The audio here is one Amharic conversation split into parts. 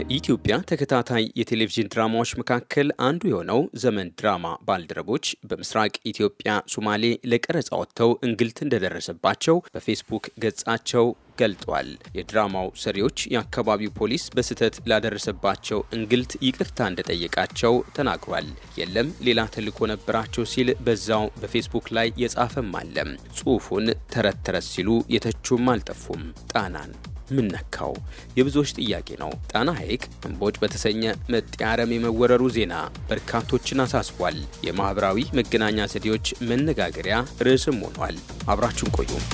ከኢትዮጵያ ተከታታይ የቴሌቪዥን ድራማዎች መካከል አንዱ የሆነው ዘመን ድራማ ባልደረቦች በምስራቅ ኢትዮጵያ ሱማሌ ለቀረጻ ወጥተው እንግልት እንደደረሰባቸው በፌስቡክ ገጻቸው ገልጧል። የድራማው ሰሪዎች የአካባቢው ፖሊስ በስህተት ላደረሰባቸው እንግልት ይቅርታ እንደጠየቃቸው ተናግሯል። የለም ሌላ ተልዕኮ ነበራቸው ሲል በዛው በፌስቡክ ላይ የጻፈም አለም። ጽሑፉን ተረት ተረት ሲሉ የተቹም አልጠፉም። ጣናን ምን ነካው? የብዙዎች ጥያቄ ነው። ጣና ሐይቅ እምቦጭ በተሰኘ መጤ አረም የመወረሩ ዜና በርካቶችን አሳስቧል። የማኅበራዊ መገናኛ ዘዴዎች መነጋገሪያ ርዕስም ሆኗል። አብራችሁን ቆዩም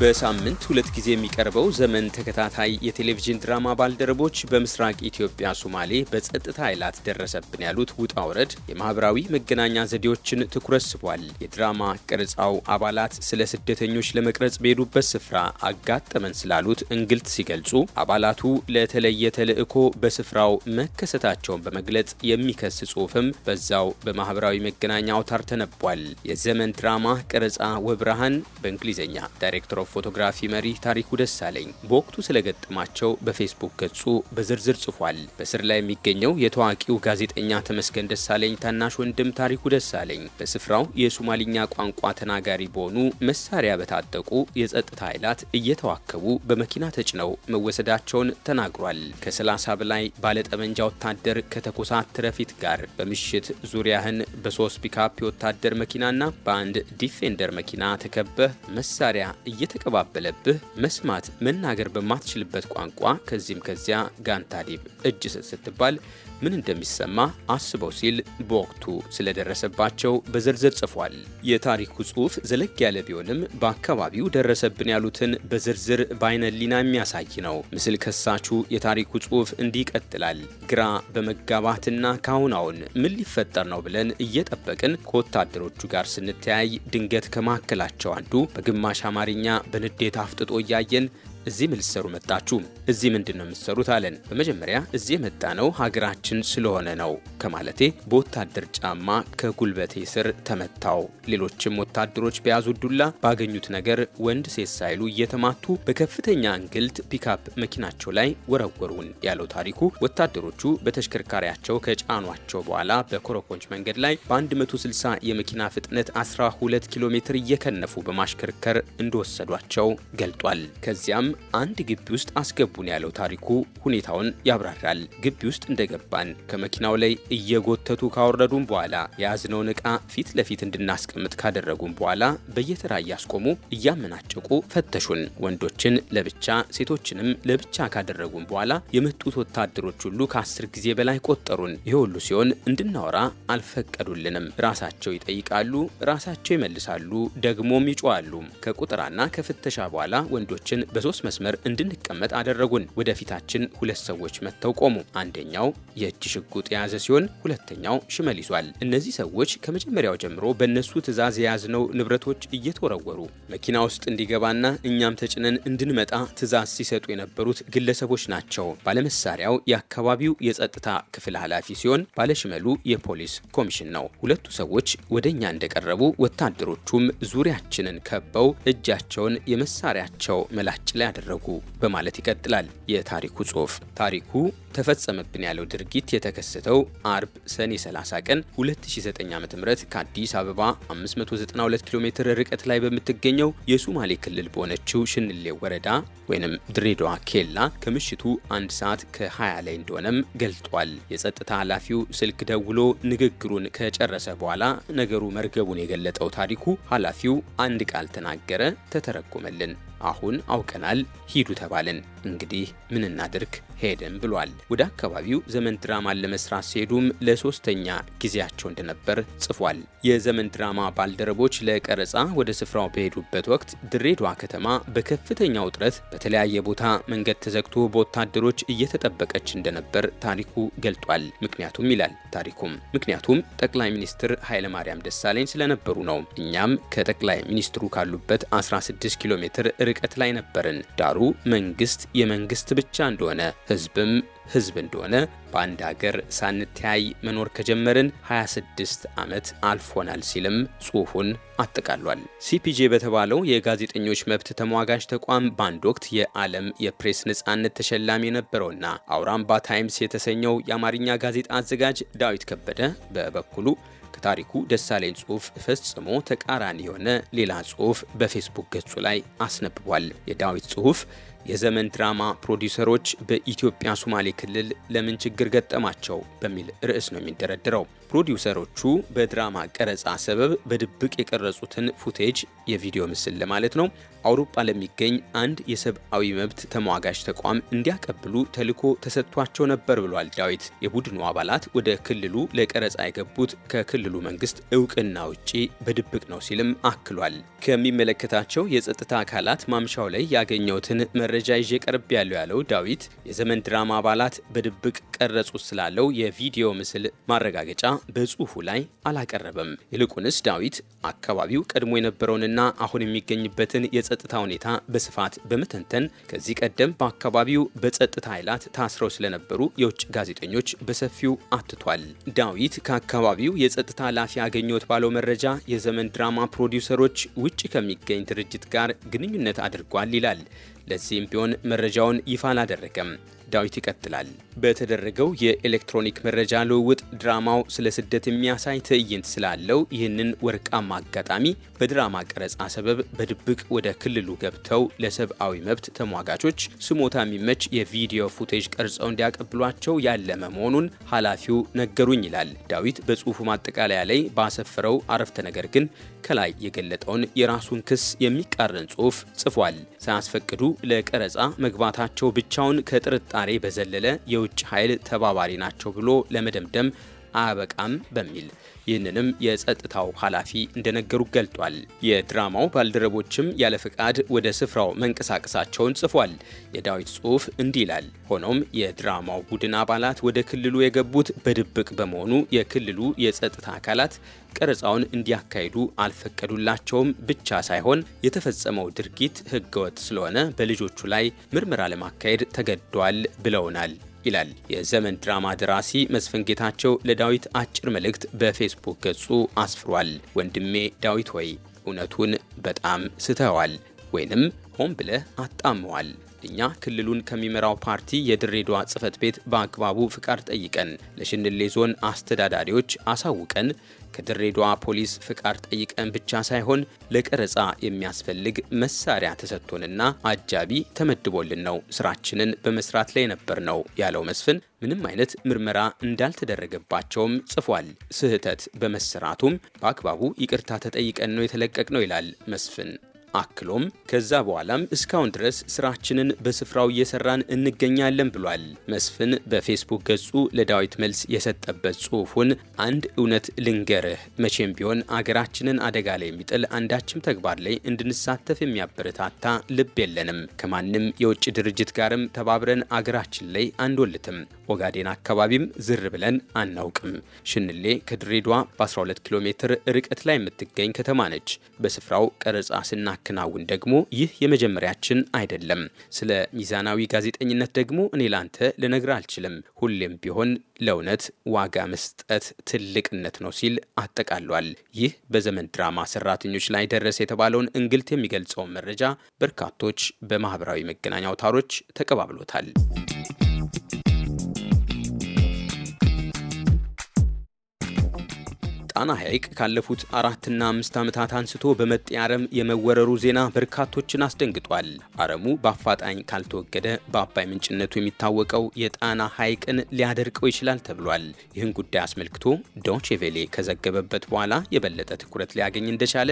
በሳምንት ሁለት ጊዜ የሚቀርበው ዘመን ተከታታይ የቴሌቪዥን ድራማ ባልደረቦች በምስራቅ ኢትዮጵያ ሶማሌ በጸጥታ ኃይላት ደረሰብን ያሉት ውጣ ውረድ የማህበራዊ መገናኛ ዘዴዎችን ትኩረት ስቧል። የድራማ ቅርጻው አባላት ስለ ስደተኞች ለመቅረጽ በሄዱበት ስፍራ አጋጠመን ስላሉት እንግልት ሲገልጹ፣ አባላቱ ለተለየ ተልዕኮ በስፍራው መከሰታቸውን በመግለጽ የሚከስ ጽሑፍም በዛው በማህበራዊ መገናኛ አውታር ተነቧል። የዘመን ድራማ ቅርጻ ወብርሃን በእንግሊዝኛ ዳይሬክተር ፎቶግራፊ መሪ ታሪኩ ደሳለኝ በወቅቱ ስለገጠማቸው በፌስቡክ ገጹ በዝርዝር ጽፏል። በስር ላይ የሚገኘው የታዋቂው ጋዜጠኛ ተመስገን ደሳለኝ ታናሽ ወንድም ታሪኩ ደሳለኝ በስፍራው የሶማሊኛ ቋንቋ ተናጋሪ በሆኑ መሳሪያ በታጠቁ የጸጥታ ኃይላት እየተዋከቡ በመኪና ተጭነው መወሰዳቸውን ተናግሯል። ከ30 በላይ ባለጠመንጃ ወታደር ከተኮሳተረ ፊት ጋር በምሽት ዙሪያህን በሶስት ፒካፕ የወታደር መኪናና በአንድ ዲፌንደር መኪና ተከበህ መሳሪያ እየተ እየተቀባበለብህ መስማት መናገር በማትችልበት ቋንቋ ከዚህም ከዚያ ጋንታዴብ እጅ ስትባል ምን እንደሚሰማ አስበው ሲል በወቅቱ ስለደረሰባቸው በዝርዝር ጽፏል። የታሪኩ ጽሑፍ ዘለግ ያለ ቢሆንም በአካባቢው ደረሰብን ያሉትን በዝርዝር በአይነሊና የሚያሳይ ነው። ምስል ከሳቹ የታሪኩ ጽሑፍ እንዲህ ይቀጥላል። ግራ በመጋባትና ካሁን አሁን ምን ሊፈጠር ነው ብለን እየጠበቅን ከወታደሮቹ ጋር ስንተያይ ድንገት ከማካከላቸው አንዱ በግማሽ አማርኛ በንዴት አፍጥጦ እያየን እዚህ ምን ልትሰሩ መጣችሁ? እዚህ ምንድን ነው የምትሰሩት? አለን። በመጀመሪያ እዚህ የመጣ ነው ሀገራችን ስለሆነ ነው ከማለቴ በወታደር ጫማ ከጉልበቴ ስር ተመታው። ሌሎችም ወታደሮች በያዙ ዱላ ባገኙት ነገር ወንድ ሴት ሳይሉ እየተማቱ በከፍተኛ እንግልት ፒካፕ መኪናቸው ላይ ወረወሩን ያለው ታሪኩ ወታደሮቹ በተሽከርካሪያቸው ከጫኗቸው በኋላ በኮረኮንች መንገድ ላይ በ160 የመኪና ፍጥነት 12 ኪሎ ሜትር እየከነፉ በማሽከርከር እንደወሰዷቸው ገልጧል። ከዚያም አንድ ግቢ ውስጥ አስገቡን ያለው ታሪኩ ሁኔታውን ያብራራል። ግቢ ውስጥ እንደገባን ከመኪናው ላይ እየጎተቱ ካወረዱን በኋላ የያዝነውን ዕቃ ፊት ለፊት እንድናስቀምጥ ካደረጉን በኋላ በየተራ እያስቆሙ እያመናጨቁ ፈተሹን። ወንዶችን ለብቻ ሴቶችንም ለብቻ ካደረጉን በኋላ የመጡት ወታደሮች ሁሉ ከአስር ጊዜ በላይ ቆጠሩን። ይህ ሁሉ ሲሆን እንድናወራ አልፈቀዱልንም። ራሳቸው ይጠይቃሉ፣ ራሳቸው ይመልሳሉ፣ ደግሞም ይጮዋሉ። ከቁጥራና ከፍተሻ በኋላ ወንዶችን በሶስት በተኩስ መስመር እንድንቀመጥ አደረጉን። ወደፊታችን ሁለት ሰዎች መጥተው ቆሙ። አንደኛው የእጅ ሽጉጥ የያዘ ሲሆን፣ ሁለተኛው ሽመል ይዟል። እነዚህ ሰዎች ከመጀመሪያው ጀምሮ በእነሱ ትዕዛዝ የያዝነው ንብረቶች እየተወረወሩ መኪና ውስጥ እንዲገባና እኛም ተጭነን እንድንመጣ ትዕዛዝ ሲሰጡ የነበሩት ግለሰቦች ናቸው። ባለመሳሪያው የአካባቢው የጸጥታ ክፍል ኃላፊ ሲሆን ባለሽመሉ የፖሊስ ኮሚሽን ነው። ሁለቱ ሰዎች ወደ እኛ እንደቀረቡ ወታደሮቹም ዙሪያችንን ከበው እጃቸውን የመሳሪያቸው መላጭ ላይ ያደረጉ በማለት ይቀጥላል የታሪኩ ጽሑፍ። ታሪኩ ተፈጸመብን ያለው ድርጊት የተከሰተው አርብ ሰኔ 30 ቀን 2009 ዓ.ም ከአዲስ አበባ 592 ኪሎ ሜትር ርቀት ላይ በምትገኘው የሱማሌ ክልል በሆነችው ሽንሌ ወረዳ ወይም ድሬዳዋ ኬላ ከምሽቱ አንድ ሰዓት ከ20 ላይ እንደሆነም ገልጧል። የጸጥታ ኃላፊው ስልክ ደውሎ ንግግሩን ከጨረሰ በኋላ ነገሩ መርገቡን የገለጠው ታሪኩ ኃላፊው አንድ ቃል ተናገረ፣ ተተረጎመልን። አሁን አውቀናል፣ ሂዱ ተባልን። እንግዲህ ምን እናድርግ ሄድን ብሏል። ወደ አካባቢው ዘመን ድራማን ለመስራት ሲሄዱም ለሶስተኛ ጊዜያቸው እንደነበር ጽፏል። የዘመን ድራማ ባልደረቦች ለቀረጻ ወደ ስፍራው በሄዱበት ወቅት ድሬዷ ከተማ በከፍተኛ ውጥረት በተለያየ ቦታ መንገድ ተዘግቶ በወታደሮች እየተጠበቀች እንደነበር ታሪኩ ገልጧል። ምክንያቱም ይላል ታሪኩም ምክንያቱም ጠቅላይ ሚኒስትር ኃይለማርያም ደሳለኝ ስለነበሩ ነው። እኛም ከጠቅላይ ሚኒስትሩ ካሉበት 16 ኪሎ ሜትር ርቀት ላይ ነበርን። ዳሩ መንግስት የመንግስት ብቻ እንደሆነ ህዝብም ህዝብ እንደሆነ በአንድ ሀገር ሳንተያይ መኖር ከጀመርን 26 ዓመት አልፎናል ሲልም ጽሑፉን አጠቃሏል። ሲፒጄ በተባለው የጋዜጠኞች መብት ተሟጋች ተቋም በአንድ ወቅት የዓለም የፕሬስ ነፃነት ተሸላሚ የነበረውና አውራምባ ታይምስ የተሰኘው የአማርኛ ጋዜጣ አዘጋጅ ዳዊት ከበደ በበኩሉ ከታሪኩ ደሳለኝ ጽሑፍ ፈጽሞ ተቃራኒ የሆነ ሌላ ጽሑፍ በፌስቡክ ገጹ ላይ አስነብቧል። የዳዊት ጽሑፍ የዘመን ድራማ ፕሮዲውሰሮች በኢትዮጵያ ሶማሌ ክልል ለምን ችግር ገጠማቸው በሚል ርዕስ ነው የሚደረድረው። ፕሮዲውሰሮቹ በድራማ ቀረጻ ሰበብ በድብቅ የቀረጹትን ፉቴጅ የቪዲዮ ምስል ለማለት ነው አውሮፓ ለሚገኝ አንድ የሰብአዊ መብት ተሟጋች ተቋም እንዲያቀብሉ ተልዕኮ ተሰጥቷቸው ነበር ብሏል ዳዊት። የቡድኑ አባላት ወደ ክልሉ ለቀረጻ የገቡት ከክልሉ መንግስት እውቅና ውጪ በድብቅ ነው ሲልም አክሏል። ከሚመለከታቸው የጸጥታ አካላት ማምሻው ላይ ያገኘሁትን መረ መረጃ ይዤ ቀርብ ያለው ያለው ዳዊት የዘመን ድራማ አባላት በድብቅ ቀረጹት ስላለው የቪዲዮ ምስል ማረጋገጫ በጽሁፉ ላይ አላቀረበም። ይልቁንስ ዳዊት አካባቢው ቀድሞ የነበረውንና አሁን የሚገኝበትን የጸጥታ ሁኔታ በስፋት በመተንተን ከዚህ ቀደም በአካባቢው በጸጥታ ኃይላት ታስረው ስለነበሩ የውጭ ጋዜጠኞች በሰፊው አትቷል። ዳዊት ከአካባቢው የጸጥታ ኃላፊ ያገኘት ባለው መረጃ የዘመን ድራማ ፕሮዲውሰሮች ውጭ ከሚገኝ ድርጅት ጋር ግንኙነት አድርጓል ይላል። ለዚህም ቢሆን መረጃውን ይፋ አላደረገም። ዳዊት ይቀጥላል። በተደረገው የኤሌክትሮኒክ መረጃ ልውውጥ ድራማው ስለ ስደት የሚያሳይ ትዕይንት ስላለው ይህንን ወርቃማ አጋጣሚ በድራማ ቀረጻ ሰበብ በድብቅ ወደ ክልሉ ገብተው ለሰብአዊ መብት ተሟጋቾች ስሞታ የሚመች የቪዲዮ ፉቴጅ ቀርጸው እንዲያቀብሏቸው ያለመ መሆኑን ኃላፊው ነገሩኝ ይላል ዳዊት በጽሁፉ ማጠቃለያ ላይ ባሰፈረው አረፍተ ነገር ግን ከላይ የገለጠውን የራሱን ክስ የሚቃረን ጽሁፍ ጽፏል። ሳያስፈቅዱ ለቀረጻ መግባታቸው ብቻውን ከጥርጣ ጥርጣሬ በዘለለ የውጭ ኃይል ተባባሪ ናቸው ብሎ ለመደምደም አያበቃም በሚል ይህንንም የጸጥታው ኃላፊ እንደነገሩ ገልጧል። የድራማው ባልደረቦችም ያለ ፍቃድ ወደ ስፍራው መንቀሳቀሳቸውን ጽፏል። የዳዊት ጽሑፍ እንዲህ ይላል። ሆኖም የድራማው ቡድን አባላት ወደ ክልሉ የገቡት በድብቅ በመሆኑ የክልሉ የጸጥታ አካላት ቀረጻውን እንዲያካሂዱ አልፈቀዱላቸውም ብቻ ሳይሆን የተፈጸመው ድርጊት ህገወጥ ስለሆነ በልጆቹ ላይ ምርመራ ለማካሄድ ተገድዷል ብለውናል ይላል የዘመን ድራማ ደራሲ መስፍን ጌታቸው ለዳዊት አጭር መልእክት በፌስቡክ ገጹ አስፍሯል። ወንድሜ ዳዊት ሆይ እውነቱን በጣም ስተዋል፣ ወይንም ሆን ብለህ አጣመዋል እኛ ክልሉን ከሚመራው ፓርቲ የድሬዳዋ ጽህፈት ቤት በአግባቡ ፍቃድ ጠይቀን ለሽንሌ ዞን አስተዳዳሪዎች አሳውቀን ከድሬዳዋ ፖሊስ ፍቃድ ጠይቀን ብቻ ሳይሆን ለቀረጻ የሚያስፈልግ መሳሪያ ተሰጥቶንና አጃቢ ተመድቦልን ነው ስራችንን በመስራት ላይ ነበር ነው ያለው መስፍን። ምንም አይነት ምርመራ እንዳልተደረገባቸውም ጽፏል። ስህተት በመሰራቱም በአግባቡ ይቅርታ ተጠይቀን ነው የተለቀቅ ነው ይላል መስፍን። አክሎም ከዛ በኋላም እስካሁን ድረስ ስራችንን በስፍራው እየሰራን እንገኛለን ብሏል። መስፍን በፌስቡክ ገጹ ለዳዊት መልስ የሰጠበት ጽሑፉን አንድ እውነት ልንገርህ፣ መቼም ቢሆን አገራችንን አደጋ ላይ የሚጥል አንዳችም ተግባር ላይ እንድንሳተፍ የሚያበረታታ ልብ የለንም። ከማንም የውጭ ድርጅት ጋርም ተባብረን አገራችን ላይ አንዶልትም። ኦጋዴን አካባቢም ዝር ብለን አናውቅም። ሽንሌ ከድሬዷ በ12 ኪሎ ሜትር ርቀት ላይ የምትገኝ ከተማ ነች። በስፍራው ቀረጻ ስና ስናከናውን ደግሞ ይህ የመጀመሪያችን አይደለም። ስለ ሚዛናዊ ጋዜጠኝነት ደግሞ እኔ ላንተ ልነግር አልችልም። ሁሌም ቢሆን ለእውነት ዋጋ መስጠት ትልቅነት ነው ሲል አጠቃሏል። ይህ በዘመን ድራማ ሰራተኞች ላይ ደረሰ የተባለውን እንግልት የሚገልጸውን መረጃ በርካቶች በማህበራዊ መገናኛ አውታሮች ተቀባብሎታል። ጣና ሐይቅ ካለፉት አራትና አምስት ዓመታት አንስቶ በመጤ አረም የመወረሩ ዜና በርካቶችን አስደንግጧል። አረሙ በአፋጣኝ ካልተወገደ በአባይ ምንጭነቱ የሚታወቀው የጣና ሐይቅን ሊያደርቀው ይችላል ተብሏል። ይህን ጉዳይ አስመልክቶ ዶቼ ቬሌ ከዘገበበት በኋላ የበለጠ ትኩረት ሊያገኝ እንደቻለ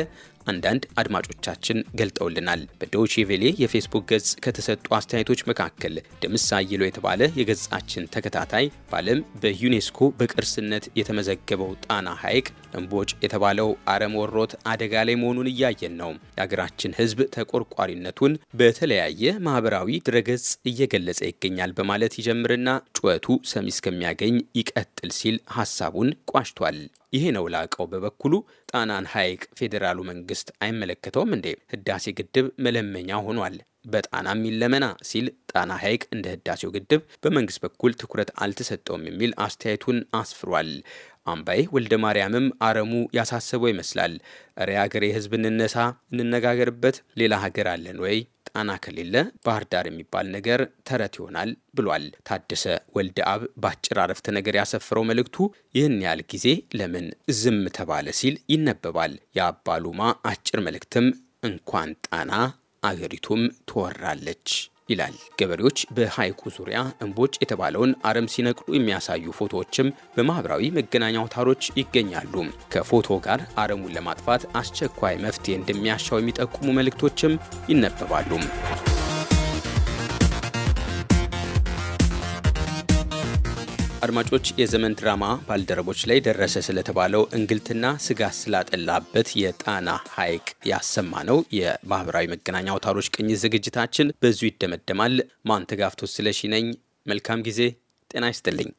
አንዳንድ አድማጮቻችን ገልጠውልናል። በዶቼ ቬሌ የፌስቡክ ገጽ ከተሰጡ አስተያየቶች መካከል ደምሳ ይሎ የተባለ የገጻችን ተከታታይ በዓለም በዩኔስኮ በቅርስነት የተመዘገበው ጣና ሐይቅ እምቦጭ የተባለው አረም ወሮት አደጋ ላይ መሆኑን እያየን ነው። የሀገራችን ሕዝብ ተቆርቋሪነቱን በተለያየ ማህበራዊ ድረገጽ እየገለጸ ይገኛል በማለት ይጀምርና ጩኸቱ ሰሚ እስከሚያገኝ ይቀጥል ሲል ሀሳቡን ቋጭቷል። ይሄ ነው ላቀው በበኩሉ ጣናን ሐይቅ ፌዴራሉ መንግስት አይመለከተውም እንዴ? ህዳሴ ግድብ መለመኛ ሆኗል። በጣናም ይለመና ሲል ጣና ሐይቅ እንደ ህዳሴው ግድብ በመንግስት በኩል ትኩረት አልተሰጠውም የሚል አስተያየቱን አስፍሯል። አምባይ ወልደ ማርያምም አረሙ ያሳሰበው ይመስላል። እረ ሀገሬ ህዝብ እንነሳ፣ እንነጋገርበት። ሌላ ሀገር አለን ወይ? ጣና ከሌለ ባህር ዳር የሚባል ነገር ተረት ይሆናል ብሏል። ታደሰ ወልደ አብ በአጭር አረፍተ ነገር ያሰፈረው መልእክቱ ይህን ያህል ጊዜ ለምን ዝም ተባለ ሲል ይነበባል። የአባሉማ አጭር መልእክትም እንኳን ጣና አገሪቱም ትወራለች ይላል። ገበሬዎች በሐይቁ ዙሪያ እምቦጭ የተባለውን አረም ሲነቅሉ የሚያሳዩ ፎቶዎችም በማኅበራዊ መገናኛ አውታሮች ይገኛሉ። ከፎቶ ጋር አረሙን ለማጥፋት አስቸኳይ መፍትሄ እንደሚያሻው የሚጠቁሙ መልእክቶችም ይነበባሉ። አድማጮች የዘመን ድራማ ባልደረቦች ላይ ደረሰ ስለተባለው እንግልትና ስጋት ስላጠላበት የጣና ሐይቅ ያሰማ ነው የማህበራዊ መገናኛ አውታሮች ቅኝት ዝግጅታችን በዙ ይደመደማል። ማንተጋፍቶ ስለሺ ነኝ። መልካም ጊዜ። ጤና ይስጥልኝ።